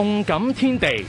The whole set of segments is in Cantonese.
動感天地，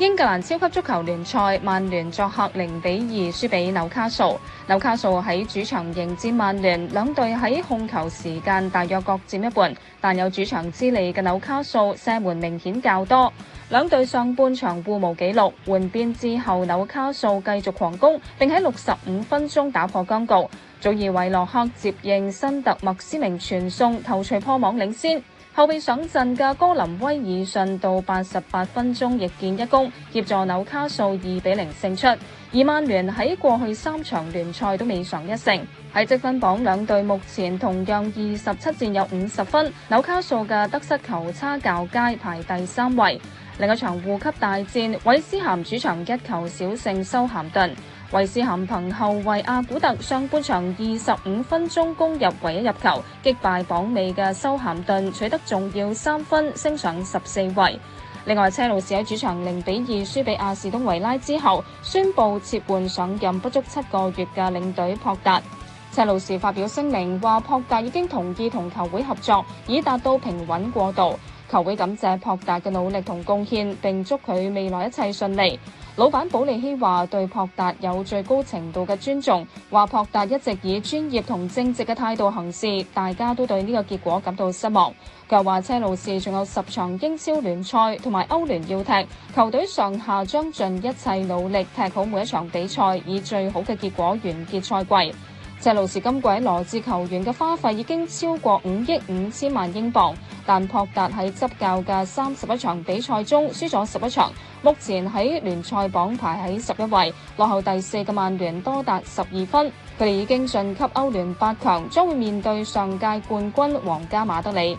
英格蘭超級足球聯賽，曼聯作客零比二輸俾紐卡素。紐卡素喺主場迎戰曼聯，兩隊喺控球時間大約各佔一半，但有主場之利嘅紐卡素射門明顯較多。兩隊上半場互無紀錄，換邊之後紐卡素繼續狂攻，並喺六十五分鐘打破僵局，祖維洛克接應辛特麥斯明傳送頭槌破網領先。後邊上陣嘅高林威爾遜到八十八分鐘亦建一功，協助紐卡素二比零勝出。而曼聯喺過去三場聯賽都未上一勝，喺積分榜兩隊目前同樣二十七戰有五十分，紐卡素嘅得失球差較佳，排第三位。另一場護級大戰，韋斯咸主場一球小勝收咸頓。韋斯咸憑後衛阿古特上半場二十五分鐘攻入唯一入球，擊敗榜尾嘅修咸頓，取得重要三分，升上十四位。另外，車路士喺主場零比二輸俾阿士東維拉之後，宣布撤換上任不足七個月嘅領隊朴達。車路士發表聲明話，朴達已經同意同球會合作，以達到平穩過渡。球會感謝樸達嘅努力同貢獻，並祝佢未來一切順利。老闆保利希話對樸達有最高程度嘅尊重，話樸達一直以專業同正直嘅態度行事，大家都對呢個結果感到失望。佢話車路士仲有十場英超聯賽同埋歐聯要踢，球隊上下將盡一切努力踢好每一場比賽，以最好嘅結果完結賽季。車路士今季羅致球員嘅花費已經超過五億五千萬英鎊，但樸達喺執教嘅三十一場比賽中輸咗十一場，目前喺聯賽榜排喺十一位，落後第四嘅曼聯多達十二分。佢哋已經晉級歐聯八強，將會面對上屆冠軍皇家馬德里。